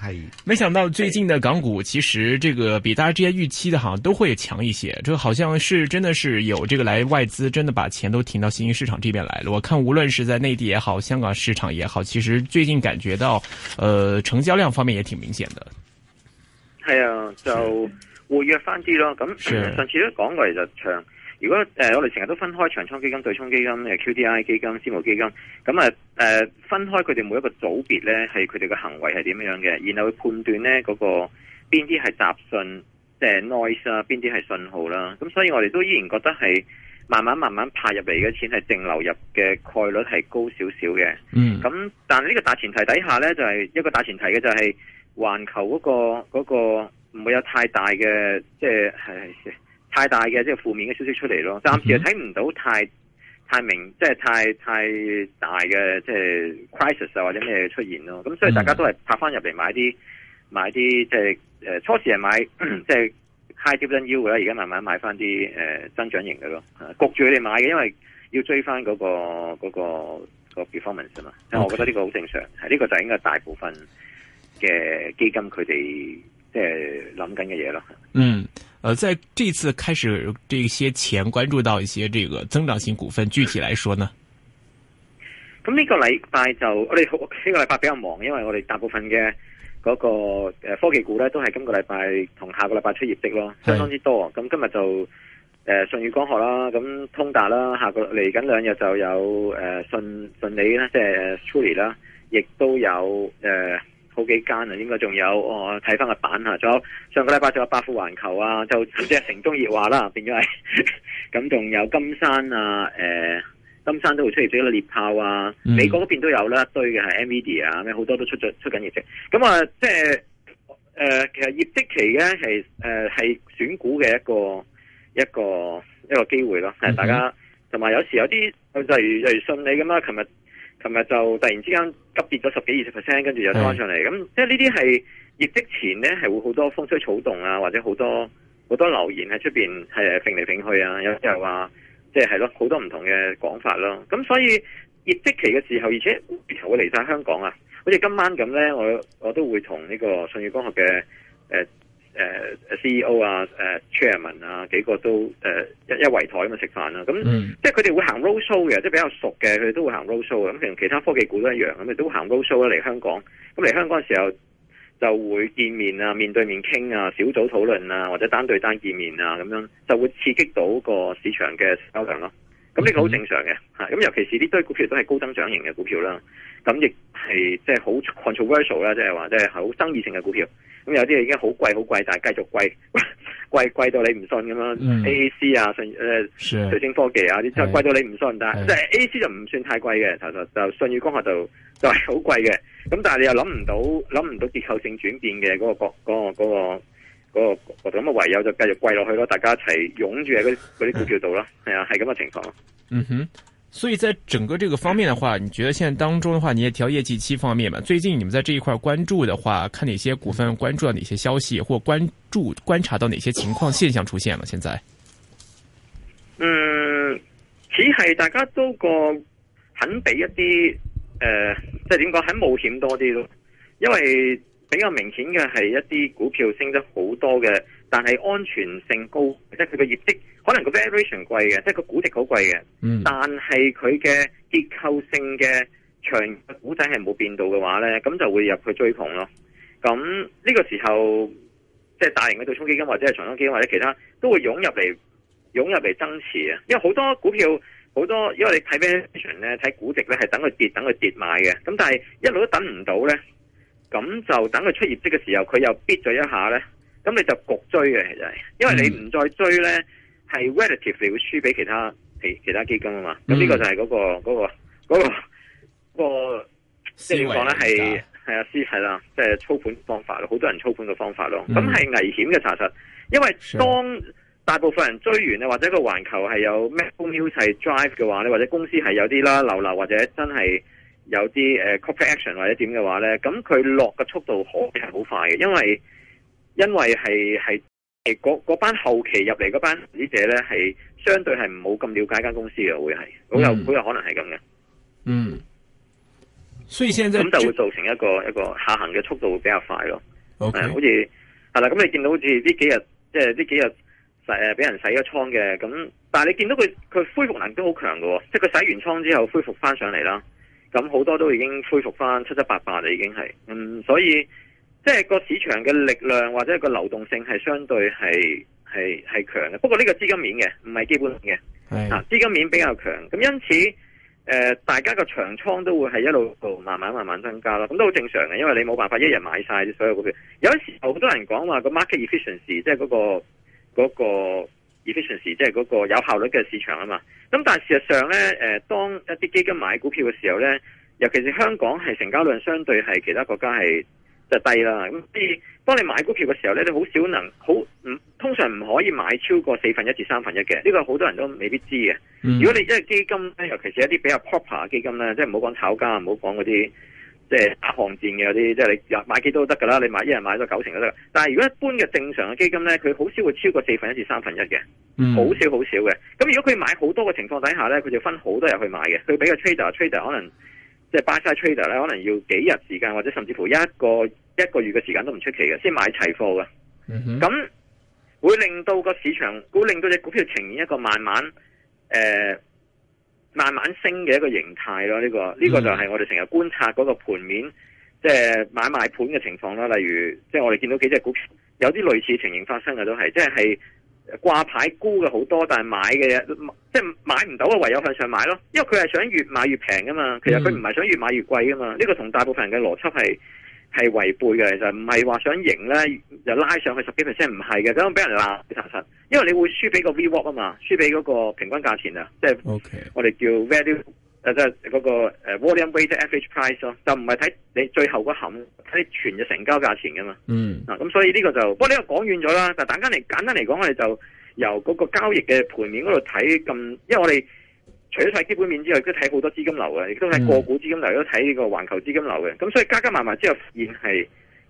係，沒想到最近的港股，其實這個比大家之前預期的，好像都會強一些。就好像是真的是有這個來外資，真的把錢都停到新興市場這邊來了。我看無論是在內地也好，香港市場也好，其實最近感覺到，呃，成交量方面也挺明顯的。係啊，就活躍翻啲咯。咁上次都講過嚟就如果誒、呃，我哋成日都分開長倉基金、對沖基金、QDII 基金、私募基金，咁誒、呃、分開佢哋每一個組別咧，係佢哋嘅行為係點樣嘅，然後去判斷咧嗰、嗰個邊啲係雜訊，即係 noise 啊，邊啲係信號啦，咁所以我哋都依然覺得係慢慢慢慢派入嚟嘅錢係淨流入嘅概率係高少少嘅。嗯。咁，但係呢個大前提底下咧，就係、係、一個大前提嘅就係環球嗰、嗰個嗰唔、嗰個、會有太大嘅，即係係。太大嘅即係負面嘅消息出嚟咯，暫時又睇唔到太太明，即係太太大嘅即係 crisis 啊或者咩出現咯。咁所以大家都係拍翻入嚟買啲買啲即係誒、呃、初時係買咳咳即係 high dividend yield 嘅啦，而家慢慢買翻啲誒增長型嘅咯，焗住佢哋買嘅，因為要追翻嗰、嗰個、嗰個、嗰個 performance 嘛。因為 Okay. 我覺得呢個好正常，呢、這個就係應該大部分嘅基金佢哋即係諗緊嘅嘢咯。嗯。呃，在這次開始，這些前關注到一些這個增長型股份，具體來說呢？咁呢、嗯，這個禮拜就我哋呢、這個禮拜比較忙，因為我哋大部分嘅嗰、那個、呃、科技股咧都係今個禮拜同下個禮拜出業績咯，相當之多。咁是、嗯、今日就誒舜宇光學啦，咁、啊、通達啦，下個嚟緊兩日就有誒信利啦，即係 Truly 啦，亦都有誒。呃好幾間啊，應該仲有我睇翻個板啊，仲、哦、有上個禮拜仲有百富環球啊，就即係城中熱話啦，變咗係咁，仲 有金山啊，誒、呃，金山都會出現咗一粒獵豹啊，美國嗰邊都有啦，堆嘅係 Nvidia 啊，咩好多都出咗出緊業績咁啊，即係誒、呃，其實業績期咧係誒係選股嘅一個一個一個機會咯，係大家，同埋、嗯、有，有時有啲例如就信你咁啦，琴日。琴日就突然之間急跌咗十幾二十 percent，跟住又翻上嚟。咁即係呢啲係業績前咧，係會好多風吹草動啊，或者好多好多留言喺出面係誒揈嚟揈去啊。有時候話即係係咯，好多唔同嘅講法咯。咁所以業績期嘅時候，而且會嚟晒香港啊，好似今晚咁咧，我我都會同呢個信譽光學嘅誒、uh,，CEO 啊，誒、uh,，Chairman 啊，幾個都誒、uh, 一圍台咁啊食飯啦，咁、mm. 即係佢哋會行 roadshow 嘅，即係比較熟嘅，佢哋都會行 roadshow，咁同、嗯、其他科技股都一樣，咁佢都行 roadshow 啦嚟香港，咁嚟香港嘅時候就會見面啊，面對面傾啊，小組討論啊，或者單對單見面啊，咁樣就會刺激到個市場嘅成交量咯，咁呢個好正常嘅，吓、mm，咁、hmm. 嗯、尤其是呢堆股票都係高增長型嘅股票啦。咁亦係即係好 controversial 啦，即係話即係好爭議性嘅股票。咁有啲嘢已經好貴，好貴，但係繼續貴，貴貴到你唔信咁樣、嗯、AAC 啊，信誒瑞聲科技啊，啲真係貴到你唔信，是但係即係 AAC 就唔算太貴嘅。實就就就舜宇光學就就係好貴嘅。咁但係你又諗唔到諗唔到結構性轉變嘅嗰、嗰個嗰、嗰個嗰、嗰個嗰、嗰個咁啊，唯有就繼續貴落去咯。大家一齊湧住喺嗰啲啲股票度咯。係啊，係咁嘅情況。嗯哼。所以在整個這個方面的話，你覺得現在當中的話，你也調業績期方面嘛？最近你們在這一塊關注的話，看哪些股份？關注到哪些消息或者關注觀察到哪些情況現象出現了？現在，嗯，只係大家都過肯俾一啲誒、呃，即係點講，肯冒險多啲咯，因為比較明顯嘅係一啲股票升得好多嘅。但係安全性高，即係佢個業績可能個 variation 貴嘅，即係個估值好貴嘅。嗯、但係佢嘅結構性嘅長期股仔係冇變到嘅話呢，咁就會入去追捧咯。咁呢個時候，即係大型嘅對沖基金或者係長通基金或者其他都會湧入嚟，湧入嚟增持啊。因為好多股票好多，因為你睇 variation 咧，睇估值咧係等佢跌，等佢跌買嘅。咁但係一路都等唔到呢，咁就等佢出業績嘅時候，佢又逼咗一下呢，咁你就焗追嘅，其實係，因為你唔再追咧，係 relative 你會輸俾其他其其他基金啊嘛。咁呢個就係嗰、嗰個嗰、嗯嗰個嗰即係點講咧？係係啊，思係啦，即係、嗯、操盤方法咯，好多人操盤嘅方法咯。咁係、嗯、危險嘅查實，因為當大部分人追完咧，或者個環球係有咩 macro 係 drive 嘅話咧，或者公司係有啲啦流流，或者真係有啲、uh, corporate action 或者點嘅話咧，咁佢落嘅速度可能係好快嘅，因為。因為係係係嗰班後期入嚟嗰班投資者咧，係相對係冇咁了解間公司嘅，會係好有好有、嗯、可能係咁嘅。嗯，所以現在咁就，就會造成一個一個下行嘅速度會比較快咯 Okay.、嗯。好似係啦，咁、嗯、你見到好似呢幾日即係呢幾日誒俾人洗咗倉嘅，咁但係你見到佢佢恢復能力都好強嘅，即係佢洗完倉之後恢復翻上嚟啦。咁好多都已經恢復翻七七八八啦，已經係嗯，所以。即係個市場嘅力量或者個流動性係相對係係係強嘅，不過呢個資金面嘅唔係基本嘅，啊是資金面比較強，咁因此誒、呃、大家個長倉都會係一路度慢慢慢慢增加啦，咁都好正常嘅，因為你冇辦法一日買晒啲所有股票，有時好多人講話，就是那個 market efficiency 即係嗰個，那個 efficiency 即係嗰個有效率嘅市場啊嘛，咁但係事實上呢，誒、呃、當一啲基金買股票嘅時候呢，尤其是香港係成交量相對係其他國家係。就低啦，咁所以當你買股票嘅時候咧，你好少能好唔通常唔可以買超過四分一至三分一嘅，呢、這個好多人都未必知嘅。Mm. 如果你一個基金咧，尤其是一啲比較 proper 嘅基金咧，即係唔好講炒家，唔好講嗰啲即係打巷戰嘅嗰啲，即係你買幾多都得㗎啦，你買一人買到九成都得。但係如果一般嘅正常嘅基金咧，佢好少會超過四分一至三分一嘅，好、mm. 少好少嘅。咁如果佢買好多嘅情況底下咧，佢就分好多日去買嘅，佢俾個 trader trader 可能。即係 buy side trader 咧，可能要幾日時間，或者甚至乎一個一個月嘅時間都唔出奇嘅，先買齊貨嘅。咁、mm hmm. 會令到個市場，會令到隻股票呈現一個慢慢誒、呃、慢慢升嘅一個形態咯。呢、這個呢、這個就係我哋成日觀察嗰個盤面，即、就、係、是、買賣盤嘅情況啦。例如，即、就、係、是、我哋見到幾隻股票有啲類似情形發生嘅，都係即係。掛牌沽嘅好多，但係買嘅嘢，即係買唔到嘅，唯有向上買咯。因為佢係想越買越平噶嘛，其實佢唔係想越買越貴噶嘛。呢個同大部分人嘅邏輯係係違背嘅，其實唔係話想贏咧就拉上去十幾 percent，唔係嘅，咁樣俾人鬧查實。因為你會輸俾個 vwap 啊嘛，輸俾嗰個平均價錢啊，即係我哋叫 value。誒，即係嗰個誒，volume weighted average price 咯，就唔係睇你最後個冚，睇全嘅成交價錢噶嘛。嗯。咁、啊、所以呢個就，不過呢個講遠咗啦。但係簡單嚟，簡單嚟講，我哋就由嗰個交易嘅盤面嗰度睇，咁，因為我哋除咗睇基本面之外，都睇好多資金流嘅，亦都睇個股資金流都睇呢個環球資金流嘅。咁所以加加埋埋之後，現係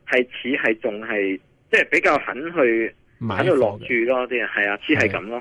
係似係仲係，即係比較肯去喺度落注咯，啲係啊，似係咁咯。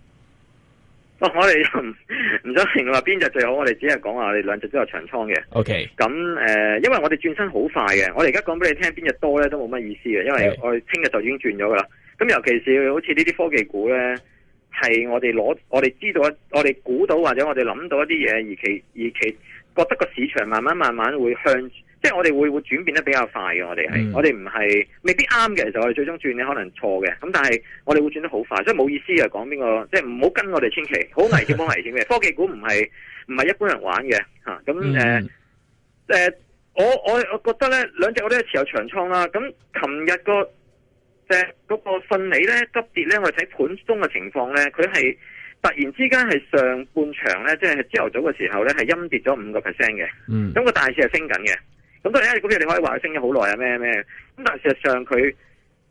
我哋唔唔想評話邊隻最好，我哋只係講話我哋兩隻都有長倉嘅。O Okay . K。咁、呃、誒，因為我哋轉身好快嘅，我哋而家講俾你聽邊隻多咧都冇乜意思嘅，因為我哋聽日就已經轉咗噶啦。咁 Okay. 尤其是好似呢啲科技股咧，係我哋攞我哋知道一我哋估到或者我哋諗到一啲嘢，而其而其覺得個市場慢慢慢慢會向。即係我哋會會轉變得比較快嘅，我哋係、嗯、我哋唔係未必啱嘅，其、就、實、是、我哋最終轉你可能錯嘅。咁但係我哋會轉得好快，所以冇意思啊！講邊個即係唔好跟我哋千祈，好危險，好危險嘅 科技股唔係唔係一般人玩嘅吓。咁誒誒，我我我覺得咧，兩隻我都係持有長倉啦。咁琴日個即係嗰個信理咧急跌咧，我哋睇盤中嘅情況咧，佢係突然之間係上半場咧，即係朝頭早嘅時候咧，係陰跌咗五個 percent 嘅。咁個大市係升緊嘅。嗯嗯咁當然啦，股票、嗯、你可以話升咗好耐啊，咩咩咁，但係事實上佢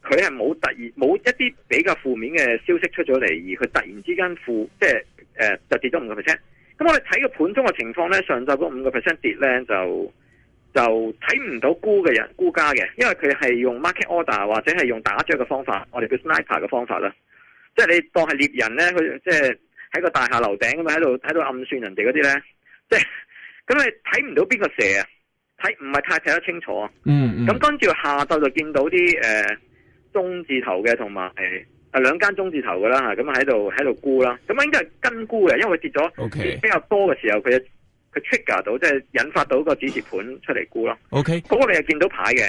佢係冇突然冇一啲比較負面嘅消息出咗嚟，而佢突然之間負即係誒、呃、就跌咗五個 percent。咁我哋睇個盤中嘅情況咧，上晝嗰五個 percent 跌咧就就睇唔到沽嘅人沽家嘅，因為佢係用 market order 或者係用打仗嘅方法，我哋叫 sniper 嘅方法啦。即係你當係獵人咧，佢即係喺個大廈樓頂咁樣喺度喺度暗算人哋嗰啲咧，即係咁你睇唔到邊個蛇啊？睇唔係太睇得清楚啊，咁跟住下晝就見到啲誒、呃、中字頭嘅同埋誒啊兩間中字頭嘅啦嚇，咁喺度喺度沽啦，咁啊應該係跟沽嘅，因為佢跌咗 Okay. 比較多嘅時候，佢就佢 trigger 到即係引發到個止蝕盤出嚟沽咯。O K，嗰個你係見到牌嘅。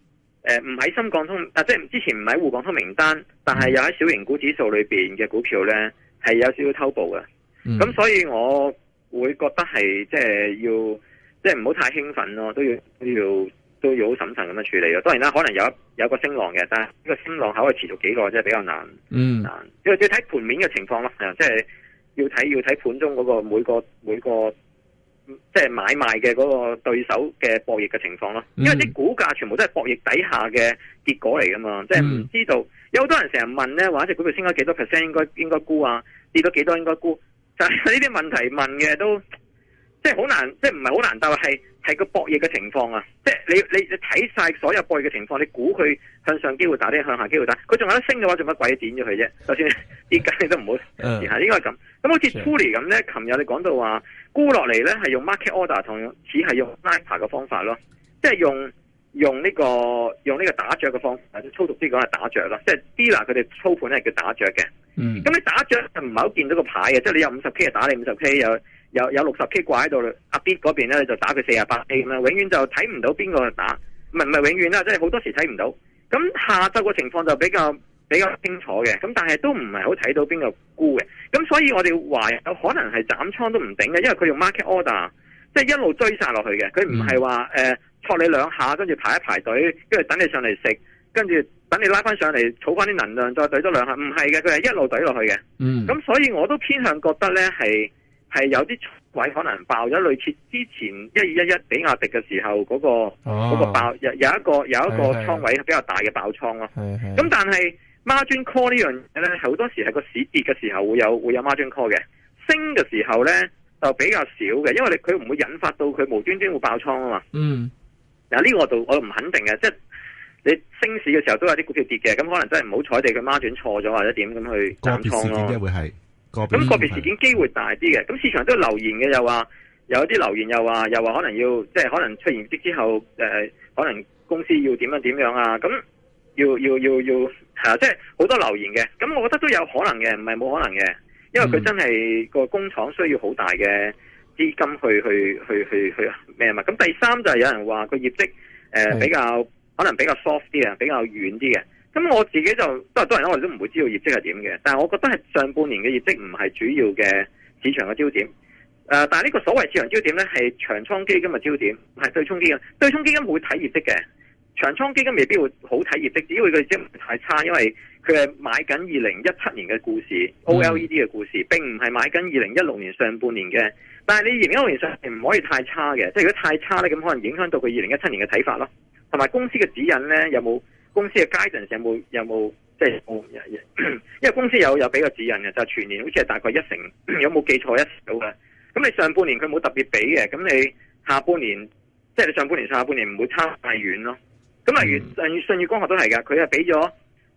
誒，唔喺深港通，啊，即係之前唔喺滬港通名單，但係又喺小型股指數裏邊嘅股票咧，係有少少偷步嘅。咁、嗯、所以我會覺得係即係要，即係唔好太興奮咯，都要都要都要好審慎咁樣處理咯。當然啦，可能有有一個升浪嘅，但係呢個升浪可以持續幾耐，即係比較難。嗯，要要睇盤面嘅情況咯，即係要睇要睇盤中嗰個每個每個。每個即係買賣嘅嗰個對手嘅博弈嘅情況咯，因為啲股價全部都係博弈底下嘅結果嚟㗎嘛，即係唔知道。有好多人成日問咧，話一隻股票升咗幾多 percent 應該、啊、應該沽啊，跌咗幾多應該沽，就係呢啲問題問嘅都即係好難，即係唔係好難答，但係係個博弈嘅情況啊，即係你你你睇晒所有博弈嘅情況，你估佢向上機會大啲，向下機會大，佢仲有得升嘅話，做乜鬼點咗佢啫？就算跌緊，也不要嗯嗯、你都唔好試下，應該係咁。咁好似 Tully 咁咧，琴日你講到話。沽落嚟咧，係用 market order 同似係用 ladder 嘅方法咯，即係用用呢個用呢個打著嘅方法，即係、這個、粗俗啲講係打著啦。即係 dealer 佢哋操盤咧，叫打著嘅。咁、嗯、你打著就唔係好見到個牌嘅，即係你有五十 k 就打你五十 k，有有有六十 k 掛喺度阿 bid 嗰邊咧，就打佢四十八 k 咁樣，永遠就睇唔到邊個打，唔係唔係永遠啦，即係好多時睇唔到。咁下晝個情況就比較比較清楚嘅，咁但係都唔係好睇到邊個沽嘅，咁所以我哋話有可能係斬倉都唔頂嘅，因為佢用 market order，即係一路追曬落去嘅，佢唔係話誒戳你兩下，跟住排一排隊，跟住等你上嚟食，跟住等你拉翻上嚟儲翻啲能量，再對多兩下，唔係嘅，佢係一路對落去嘅。嗯，咁所以我都偏向覺得呢係係有啲位可能爆咗，類似之前一二一一比亞迪嘅時候嗰、嗰個嗰、哦、個爆有有一個有一個倉位比較大嘅爆倉咯、啊。咁、哦、但係。孖展 call 呢樣嘢，咧，好多時係個市跌嘅時候會有會有孖展 call 嘅，升嘅時候咧就比較少嘅，因為你佢唔會引發到佢無端端會爆倉啊嘛。嗯。嗱呢、啊這個度我唔肯定嘅，即、就、係、是、你升市嘅時候都有啲股票跌嘅，咁可能真係唔好彩地佢孖展錯咗或者點咁去斬倉咯。會係。咁個別事件機會，會大啲嘅，咁市場都留言嘅又話，有啲留言又話又話可能要即係、就是、可能出現啲之後誒、呃，可能公司要點樣點樣啊咁。要要要要即係好多留言嘅，咁我覺得都有可能嘅，唔係冇可能嘅，因為佢真係個、嗯、工廠需要好大嘅資金去去去去去咩啊嘛。咁第三就係有人話個業績誒、呃、比較、嗯、可能比較 soft 啲啊，比較遠啲嘅。咁我自己就當然都係多人我哋都唔會知道業績係點嘅。但係我覺得係上半年嘅業績唔係主要嘅市場嘅焦點。誒、呃，但係呢個所謂市場焦點咧係長倉基金嘅焦點，唔係對沖基金。對沖基金會睇業績嘅。長倉基金未必會好睇業績，只要佢嘅業績唔太差，因為佢係買緊二零一七年嘅故事、mm. OLED 嘅故事，並唔係買緊二零一六年上半年嘅。但係你二零一六年上唔可以太差嘅，即係如果太差咧，咁可能影響到佢二零一七年嘅睇法咯。同埋公司嘅指引咧，有冇公司嘅 guidance 有冇有冇即係因為公司有有俾個指引嘅，就是、全年好似係大概一成， 有冇記錯一成嘅？咁你上半年佢冇特別俾嘅，咁你下半年即係、就是、你上半年、上下半年唔會差太遠咯。咁啊，舜宇光學都係噶，佢係俾咗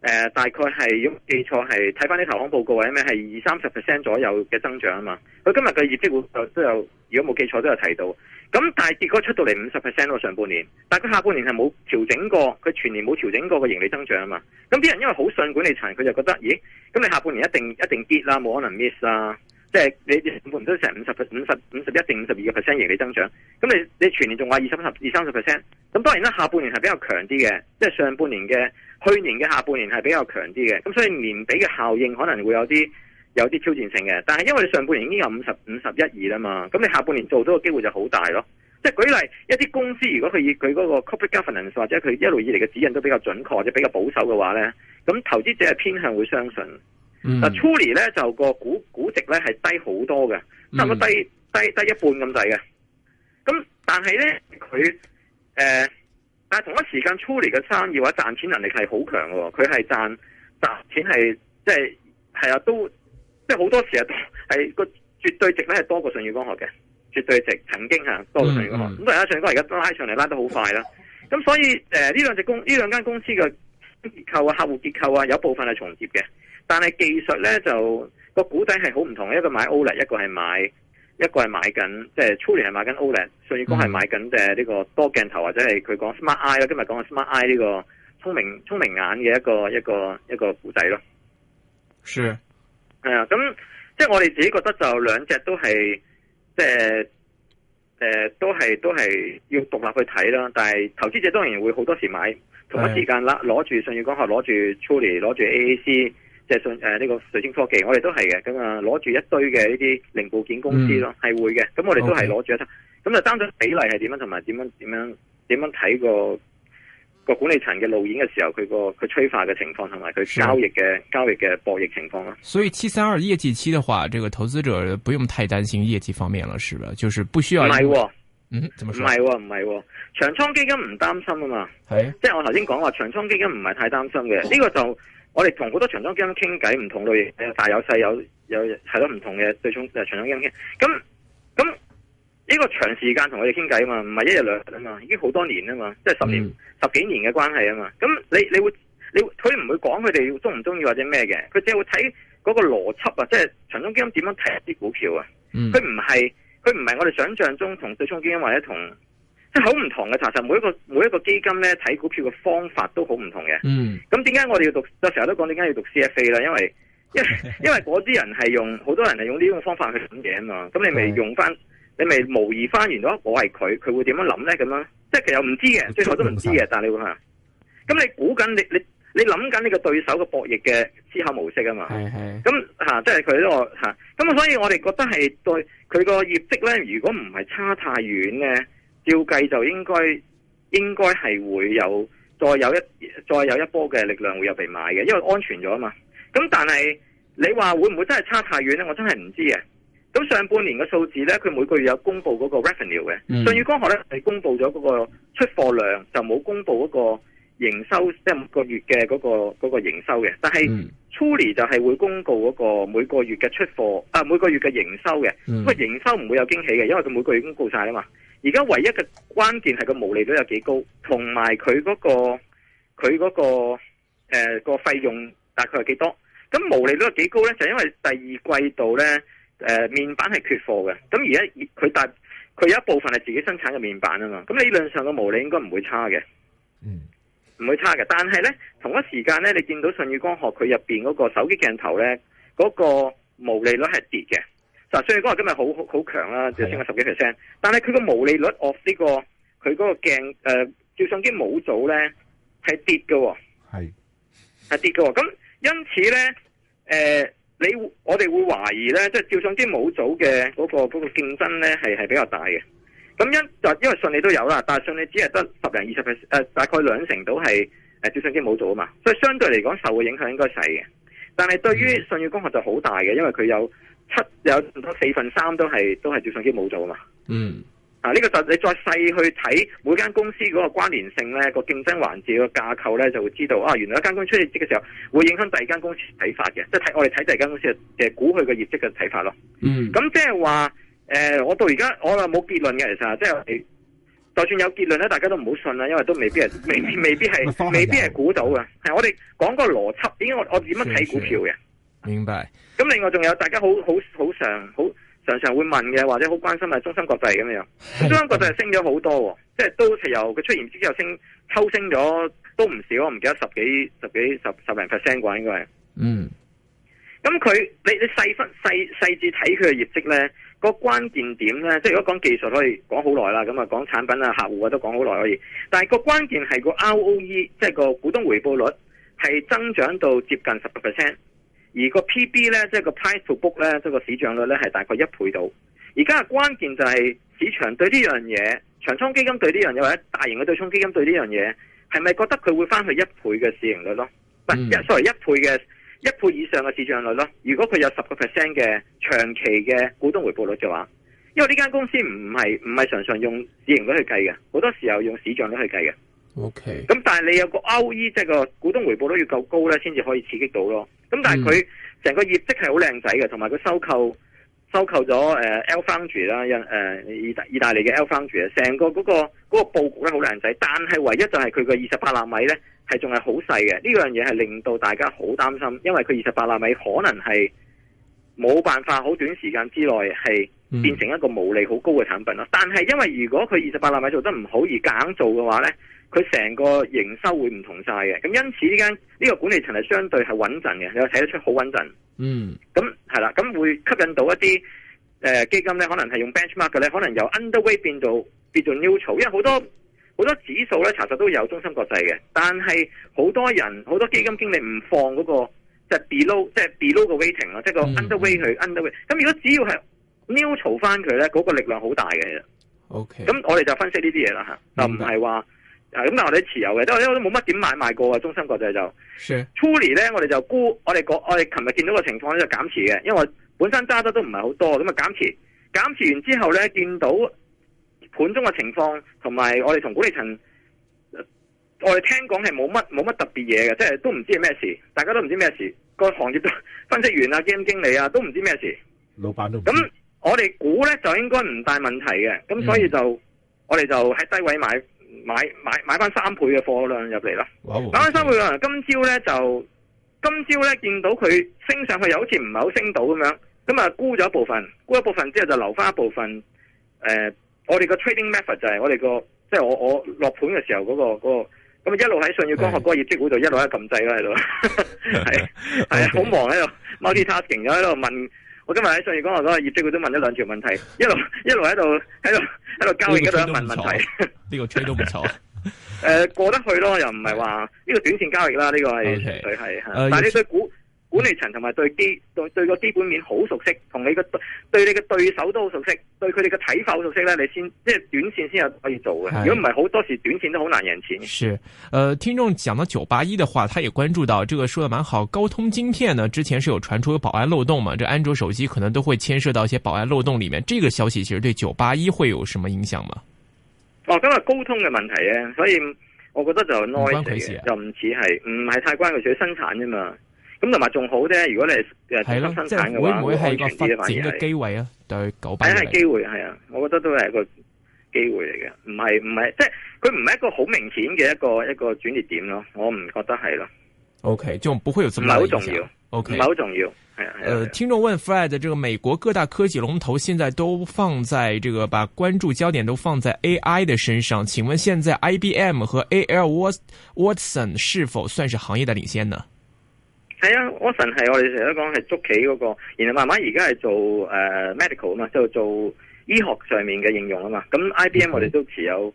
誒，大概係如果記錯係睇翻啲投行報告或者咩，係二三十 percent 左右嘅增長啊嘛。佢今日嘅業績會都有，如果冇記錯都有提到。咁但係結果出到嚟五十 percent 喎，上半年，但係佢下半年係冇調整過，佢全年冇調整過個盈利增長啊嘛。咁啲人因為好信管理層，佢就覺得，咦，咁你下半年一定一定 beat 啦，冇可能 miss 啦。即係你你唔到成五十五十五十一定五十二嘅 percent 盈利增長，咁你你全年仲話二十十二三十 percent，咁當然啦，下半年係比較強啲嘅，即係上半年嘅去年嘅下半年係比較強啲嘅，咁所以年比嘅效應可能會有啲有啲挑戰性嘅，但係因為你上半年已經有五十五十一二啦嘛，咁你下半年做到嘅機會就好大咯。即係舉例一啲公司，如果佢以佢嗰個 corporate governance 或者佢一路以嚟嘅指引都比較準確，即係比較保守嘅話咧，咁投資者係偏向會相信。嗯、但 Truly 咧就個估估值咧係低好多嘅，差唔多低低低一半咁滯嘅。咁但係咧佢誒，但係、呃、同一時間 Truly 嘅生意或者賺錢能力係好強喎。佢係賺賺錢係即係係啊，都即係好多時係係個絕對值咧係多過舜宇光學嘅絕對值，曾經係多過舜宇光學咁。但係舜宇光而家拉上嚟拉得好快啦，咁所以誒呢兩隻公呢兩間公司嘅結構啊、客戶結構啊，有一部分係重疊嘅。但係技術咧、嗯、就、那個股仔係好唔同，一個買 OLED，一個係買，一個係買緊、就是是啊，即係 Truly 係買緊 OLED，舜宇光係買緊嘅呢個多鏡頭或者係佢講 Smart Eye 咯，今日講 Smart Eye 呢個聰明聰明眼嘅一個一個一個股仔咯。係啊，咁即係我哋自己覺得就兩隻都係，即係誒、呃、都係都係要獨立去睇啦。但係投資者當然會好多時買同一時間啦，攞住舜宇光學，係攞住 Truly 攞住 A A C。即係順誒呢個瑞星科技，我哋都係嘅咁啊，攞住一堆嘅呢啲零部件公司咯，係、嗯、會嘅。咁我哋都係攞住一攤，咁 Okay. 就單純比例係點樣，同埋點樣點樣點樣睇個個管理層嘅路演嘅時候，佢個佢催化嘅情況，同埋佢交易嘅的交易嘅博弈情況咯。所以七三二業績期嘅話，這個投資者不用太擔心業績方面了，是吧？就是不需要。唔係、啊、嗯，唔係喎，唔係喎，長倉基金唔擔心啊嘛。係的。即係我頭先講話，長倉基金唔係太擔心嘅，呢、哦、個就。我哋同好多長中基金傾偈，唔同類型誒大有細有有係咯，唔同嘅對沖誒長中基金。咁咁呢個長時間同我哋傾偈啊嘛，唔係一日兩日啊嘛，已經好多年啊嘛，即係十年、嗯、十幾年嘅關係啊嘛。咁你你會你佢唔會講佢哋中唔中意或者咩嘅，佢只係會睇嗰個邏輯啊，即係長中基金點樣睇一啲股票啊。佢唔係佢唔係我哋想象中同對沖基金或者同。即係好唔同嘅，查實每一個每一個基金咧睇股票嘅方法都好唔同嘅。嗯。咁點解我哋要讀？就成日都講點解要讀 CFA 啦？因為因為 因為嗰啲人係用好多人係用呢種方法去諗嘅。啊嘛。咁你咪用翻，你咪模擬翻，如果我係佢，佢會點樣諗咧？咁樣即係其實唔知嘅，最後都唔知嘅。但係你會吓，咁你估緊你你你諗緊你個對手嘅博弈嘅思考模式啊嘛。係係是的。咁、就、吓、是，即係佢呢個吓，咁所以我哋覺得係對佢個業績咧，如果唔係差太遠咧。照計就應該應該係會有再有一再有一波嘅力量會有被買嘅，因為安全咗啊嘛。咁但係你話會唔會真係差太遠呢？我真係唔知嘅。咁上半年嘅數字呢，佢每個月有公布嗰個 revenue 嘅。信宇、mm. 光學呢，係公布咗嗰個出貨量，就冇公布嗰個營收即係、就是、每個月嘅嗰、那個嗰、那個、營收嘅。但係、mm. Truly 就係會公告嗰個每個月嘅出貨啊每個月嘅營收嘅。不過、mm. 營收唔會有驚喜嘅，因為佢每個月公告晒啊嘛。而家唯一嘅關鍵係個毛利率有幾高，同埋佢嗰個佢、嗰個誒個費用大概係幾多？咁毛利率係幾高呢？就係、因為第二季度呢，誒、呃、面板係缺貨嘅。咁而家佢但佢有一部分係自己生產嘅面板啊嘛。咁理論上個毛利率應該唔會差嘅，嗯、唔會差嘅。但係呢，同一時間呢，你見到舜宇光學佢入邊嗰個手機鏡頭呢，嗰、嗰個毛利率係跌嘅。嗱，舜宇光學今日好好好強啦，就升咗十幾 percent。的但係佢個毛利率 of、這個呃、呢個佢嗰個鏡照相機模組咧係跌嘅、哦，係係的跌嘅、哦。咁因此咧，誒、呃、你我哋會懷疑咧，即、就、係、是、照相機模組嘅嗰、那個嗰、那個競爭咧係係比較大嘅。咁因就因為信利都有啦，但係信利只係得十零二十 percent，誒大概兩成到係誒照相機模組啊嘛。所以相對嚟講受嘅影響應該細嘅。但係對於舜宇光學就好大嘅，因為佢有。七有多四分三都係都係照相機冇做嘛？嗯，嗯，嗯啊，啊、這、呢個就是你再細去睇每間公司嗰個關聯性咧，個競爭環節個架構咧就會知道啊，原來一間公司出業績嘅時候會影響第二間公司睇法嘅，即係睇我哋睇第二間公司嘅估佢個業績嘅睇法咯。嗯，嗯是，咁即係話誒，我到而家我話冇結論嘅，其實即係就是、算有結論咧，大家都唔好信啦，因為都未必係，未必未必係，未必係 行友 估到嘅。係我哋講個邏輯，點解我我點樣睇股票嘅？明白。咁另外仲有，大家好好好常好常常會問嘅，或者好關心嘅，中芯國際咁樣。樣。中芯國際升咗好多， 即係都由佢出現之後升抽升咗都唔少，我唔記得十幾十幾十十零 percent 啩，應該係。嗯。咁佢你你細分細細緻睇佢嘅業績咧，個關鍵點咧，即係如果講技術可以講好耐啦，咁啊講產品啊客戶啊都講好耐可以。但係個關鍵係個 ROE，即係個股東回報率係增長到接近十個 percent。而個 P/B 呢，即係個 price to book 呢，即係個市賬率呢係大概一倍到。而家嘅關鍵就係市場對呢樣嘢，長倉基金對呢樣嘢，或者大型嘅對沖基金對呢樣嘢，係咪覺得佢會返去一倍嘅市盈率咯？喂、嗯，唔係，所謂一倍嘅一倍以上嘅市賬率咯。如果佢有十個 percent 嘅長期嘅股東回報率嘅話，因為呢間公司唔係唔係常常用市盈率去計嘅，好多時候用市賬率去計嘅。O K。咁但係你有個 o E 即係個股東回報率要夠高咧，先至可以刺激到咯。咁但係佢成個業績係好靚仔嘅，同埋佢收購收購咗誒 L Foundry 啦、呃，誒意意大利嘅 L Foundry 啊、那個，成、那個嗰個嗰個布局咧，好靚仔。但係唯一就係佢個二十八納米咧係仲係好細嘅。呢樣嘢係令到大家好擔心，因為佢二十八納米可能係冇辦法好短時間之內係變成一個毛利好高嘅產品咯。嗯、但係因為如果佢二十八納米做得唔好而硬做嘅話咧。佢成個營收會唔同晒嘅，咁因此呢間呢個管理層係相對係穩陣嘅，你又睇得出好穩陣。嗯，咁係啦，咁會吸引到一啲誒、呃、基金咧，可能係用 benchmark 嘅咧，可能由 underweight 變做變做 neutral，因為好多好多指數咧查實都有中芯國際嘅，但係好多人好多基金經理唔放嗰、那個就 below 即係 below 個 waiting 咯，即係個 underweight 去 underweight。咁如果只要係 neutral 翻佢咧，嗰、那個力量好大嘅。O K，咁我哋就分析呢啲嘢啦吓，就唔係話。啊咁，但係我哋持有嘅，即係我都冇乜點買賣過嘅。中芯國際就的初年咧，我哋就估，我哋個我哋琴日見到個情況咧就減持嘅，因為本身揸得都唔係好多，咁啊減持，減持完之後咧見到盤中嘅情況，同埋我哋同管理層，我哋聽講係冇乜冇乜特別嘢嘅，即係都唔知係咩事，大家都唔知咩事，個行業都分析員啊、基金經理啊都唔知咩事，老闆都咁，我哋估咧就應該唔大問題嘅，咁所以就、嗯、我哋就喺低位買。買買買翻三倍嘅貨量入嚟啦，買翻三倍量。今朝咧就，今朝咧見到佢升上去又好似唔係好升到咁樣，咁啊沽咗一部分，沽一部分之後就留翻一部分。誒、呃，我哋個 trading method 就係我哋個，即、就、係、是、我我落盤嘅時候嗰個嗰個，咁、那個那個、一路喺舜宇光學嗰個業績會度一路喺撳掣啦喺度，係係啊好忙喺度，multi-tasking 喺度問。我今日喺上月講話嗰個業績，佢都問咗兩條問題，一路一路喺度喺度喺度交易，一路喺度問問題。呢個吹都唔錯，誒、 呃、過得去咯，又唔係話呢個短線交易啦，呢、呢個係佢係但係呢堆股？管理層同埋對基對對個基本面好熟悉，同你個對你嘅對手都好熟悉，對佢哋嘅睇法好熟悉咧，你先即係短線先有可以做嘅。哎、如果唔係，好多時短線都好難贏錢。是，誒、呃，聽眾講到九八一嘅話，他也關注到，這個說得蠻好。高通晶片呢，之前是有傳出有保安漏洞嘛？這安卓手機可能都會牽涉到一些保安漏洞裏面。這個消息其實對九八一會有什麼影響嗎？哦，今日高通嘅問題咧、啊，所以我覺得就耐，就唔似係唔係太關佢事生產啫嘛。咁同埋仲好啫，如果你誒生產嘅話，即會唔會係一個發展嘅機會啊？的對九百零，睇係機會係啊，我覺得都係個機會嚟嘅，唔係唔係，即係佢唔係一個好明顯嘅一個一個轉折點咯，我唔覺得係咯。OK，就唔會有咁，唔係好重要。OK，唔係好重要。誒、呃，聽眾問 Fred，這個美國各大科技龍頭現在都放在這個把關注焦點都放在 AI 嘅身上，請問現在 IBM 和 A. L. Watson 是否算是行業的領先呢？係啊，Watson 係我哋成日都講係捉棋嗰個，然後慢慢而家係做誒 medical 嘛，就做醫學上面嘅應用啊嘛。咁 IBM 我哋都持有，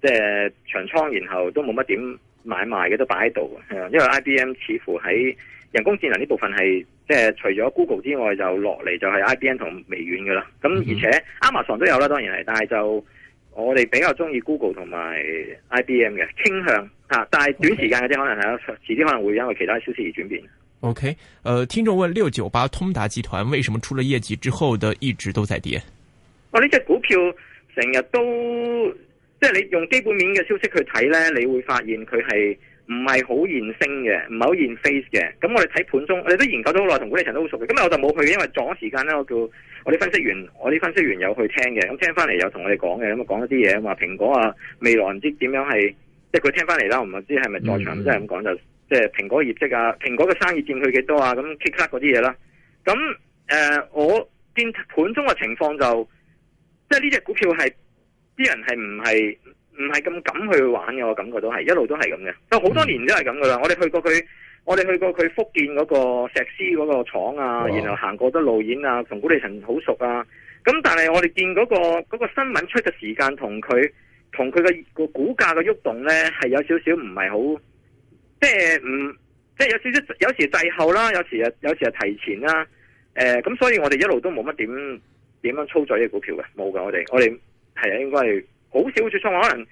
即係長倉，然後都冇乜點買賣嘅，都擺喺度。因為 IBM 似乎喺人工智能呢部分係，即係除咗 Google 之外，就落嚟就係 IBM 同微軟噶啦。咁而且 Amazon 都有啦，當然係，但係就我哋比較中意 Google 同埋 IBM 嘅傾向吓，但係短時間嘅啫，Okay. 可能係，遲啲可能會因為其他消息而轉變。O.K.，呃，聽眾問六九八通達集團為什麼出了業績之後的一直都在跌？哦，呢隻股票成日都即係你用基本面嘅消息去睇咧，你會發現佢係唔係好現升嘅，唔係好現 face 嘅。咁我哋睇盤中，我哋都研究咗好耐，同管理層都好熟嘅。今日我就冇去，因為撞時間咧，我叫我啲分析員，我啲分析員有去聽嘅。咁聽翻嚟有同我哋講嘅，咁講一啲嘢啊嘛，蘋果啊，未來唔知點樣係，即係佢聽翻嚟啦，我唔知係咪在場，嗯、即係咁講就。即係蘋果業績啊，蘋果嘅生意佔佢幾多啊？咁 Kick 嗰啲嘢啦。咁誒、呃，我見盤中嘅情況就，即係呢隻股票係啲人係唔係唔係咁敢去玩嘅，我感覺都係一路都係咁嘅。都好多年都係咁噶啦。我哋去過佢，我哋去過佢福建嗰個石獅嗰個廠啊，哇然後行過多路演啊，同管理層好熟啊。咁但係我哋見嗰、那個嗰、那個新聞出嘅時間同佢同佢嘅個股價嘅喐動呢，係有少少唔係好。即係唔、嗯、即係有少少有時滯後啦，有時啊有時啊提前啦，誒、呃、咁所以我哋一路都冇乜點點樣操作呢個股票嘅，冇噶，我哋我哋係啊應該係好少出倉，可能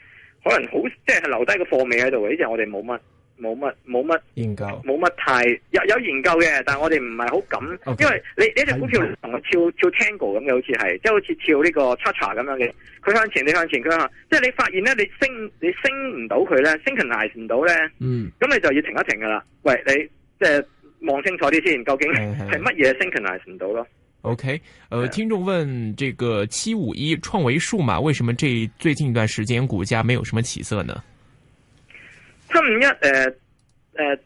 可能好即係留低個貨尾喺度嘅，呢隻我哋冇乜。冇乜冇乜研究，冇乜 In go. 太有有研究嘅，但係我哋唔係好敢，Okay. 因為你呢隻股票同我跳跳 Tango 咁嘅，好似係，即係好似跳呢個 Cha Cha 咁樣嘅，佢向前你向前佢向下，即係你發現咧，你升你升唔到佢咧 synchronize 唔到咧，嗯，咁你就要停一停噶啦，喂，你即係望清楚啲先，究竟係乜嘢 synchronize 唔到咯？OK，誒、呃，聽眾問：這個七五一創維數碼為什麼這最近一段時間股價沒有什麼起色呢？七五一誒誒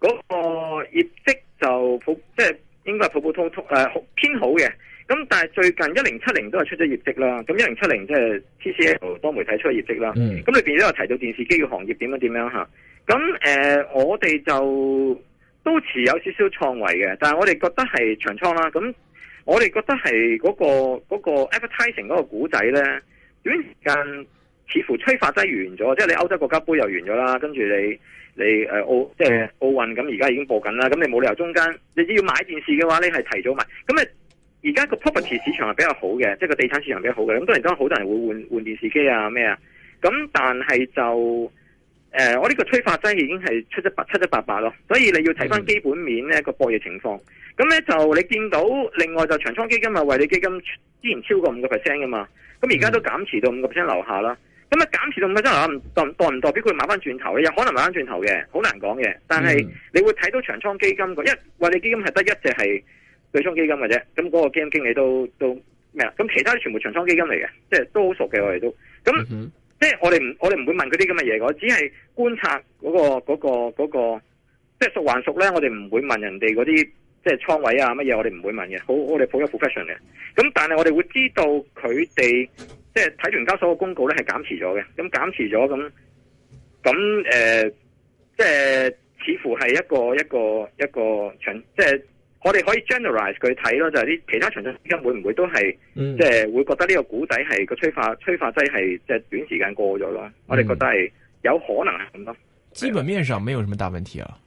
嗰個業績就普即係應該係普普通通誒好、啊、偏好嘅，咁但係最近一零七零都係出咗業績啦。咁一零七零即係 TCL 多媒體出咗業績啦。咁裏邊都有提到電視機嘅行業點樣點樣嚇。咁誒、呃、我哋就都持有少少創維嘅，但係我哋覺得係長倉啦。咁我哋覺得係嗰、那個嗰、那個 advertising 嗰個故仔咧，短時間。似乎催化劑完咗，即係你歐洲國家杯又完咗啦，跟住你你誒奧即係奧運咁，而家已經播緊啦，咁你冇理由中間你要買電視嘅話，你係提早買。咁誒，而家個 property 市場係比較好嘅，即係個地產市場比較好嘅，咁當然都好多人會換換電視機啊咩啊。咁但係就誒、呃，我呢個催化劑已經係出得七七八八咯，所以你要睇翻基本面呢個博弈情況。咁呢、嗯、就你見到另外就長倉基金啊、維利基金之前超過五個 percent 噶嘛，咁而家都減持到五個 percent 樓下啦。咁啊，減持咁嘅真係代代唔代表佢買翻轉頭咧？有可能買翻轉頭嘅，好難講嘅。但係你會睇到長倉基金因為我哋基金係得一隻係對沖基金嘅啫。咁、嗰、嗰個基金經理都都咩啊？咁其他啲全部長倉基金嚟嘅，即係都好熟嘅我哋都。咁即係我哋唔我哋唔會問嗰啲咁嘅嘢，我只係觀察嗰、嗰個嗰、嗰個嗰個嗰個、即係熟還熟咧。我哋唔會問人哋嗰啲即係倉位啊乜嘢，我哋唔會問嘅。好，我哋抱有 professional 嘅。咁但係我哋會知道佢哋。即係睇聯交所嘅公告咧，係減持咗嘅。咁減持咗咁咁誒，即係、呃就是、似乎係一個一個一個長，即、就、係、是、我哋可以 generalize 佢睇咯，就係、是、啲其他長進資金會唔會都係，即、就、係、是、會覺得呢個股底係個催化催化劑係即係短時間過咗啦。我哋覺得係有可能係咁多，嗯、是基本面上沒有什麼大問題啊。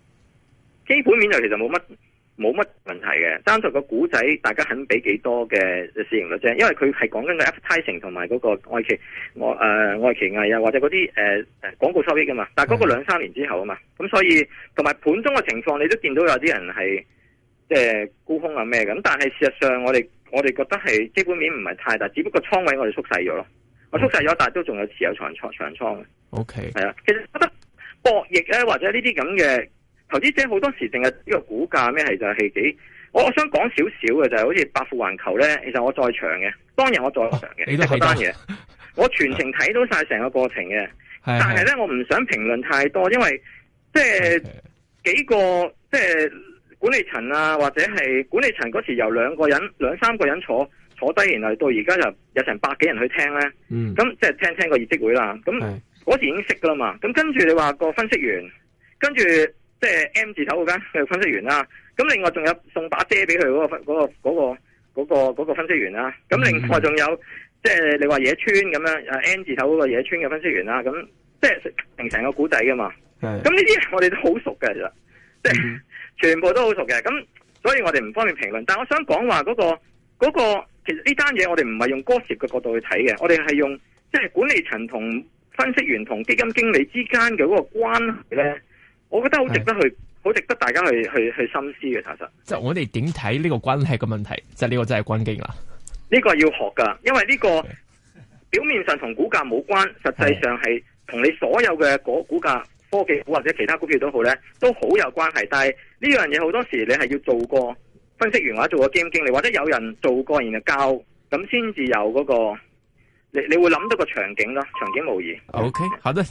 基本面就其實冇乜。冇乜問題嘅，單獨個股仔，大家肯俾幾多嘅市盈率啫？因為佢係講緊個 appetizing 同埋嗰個愛奇、呃、愛奇藝啊，或者嗰啲誒誒廣告收益噶嘛。但係嗰個兩是的 三年之後啊嘛，咁、嗯、所以同埋盤中嘅情況，你都見到有啲人係即係沽空啊咩咁。但係事實上我，我哋我哋覺得係基本面唔係太大，只不過倉位我哋縮細咗咯。我縮細咗，但都仲有持有長倉長倉。O K，係啊，其實覺得博弈咧、啊，或者呢啲咁嘅。投資者好多時淨係呢個股價咩係就係、是、幾，我我想講少少嘅就係、是、好似百富環球咧，其實我在場嘅，當日我在場嘅、哦，你都係，啊、我全程睇到晒成個過程嘅，啊、但係咧、啊嗯、我唔想評論太多，因為即係、就是、幾個即係、就是、管理層啊，或者係管理層嗰時由兩個人兩三個人坐坐低，然後到而家就有成百幾人去聽咧，嗯，咁即係聽聽個業績會啦，咁嗰、嗯、時已經識噶啦嘛，咁跟住你話個分析員跟住。即係 M 字頭嗰間嘅分析員啦，咁另外仲有送把遮俾佢嗰個分、那個、那個個、那個分析員啦，咁另外仲有即係、就是、你話野村咁樣，誒 M 字頭嗰個野村嘅分析員啦，咁即係成成個古仔噶嘛，咁呢啲我哋都好熟嘅，其實即係、嗯、哼全部都好熟嘅，咁所以我哋唔方便評論，但係我想講話嗰個、那個其實呢單嘢我哋唔係用歌 o 嘅角度去睇嘅，我哋係用即係、就是、管理層同分析員同基金經理之間嘅嗰個關係咧。嗯我覺得好值得去，好是值得大家去去去，去深思嘅，其實。即係我哋點睇呢個關係嘅問題，即係呢個真係關鍵啦。呢個要學噶，因為呢個表面上同股價冇關，實際上係同你所有嘅股價的科技或者其他股票都好咧，都好有關係。但係呢樣嘢，好多時你係要做過分析員或者做過基金經理，或者有人做過然後教，咁先至有嗰、那個你你會諗到個場景咯，場景模擬。O Okay , K，的好的。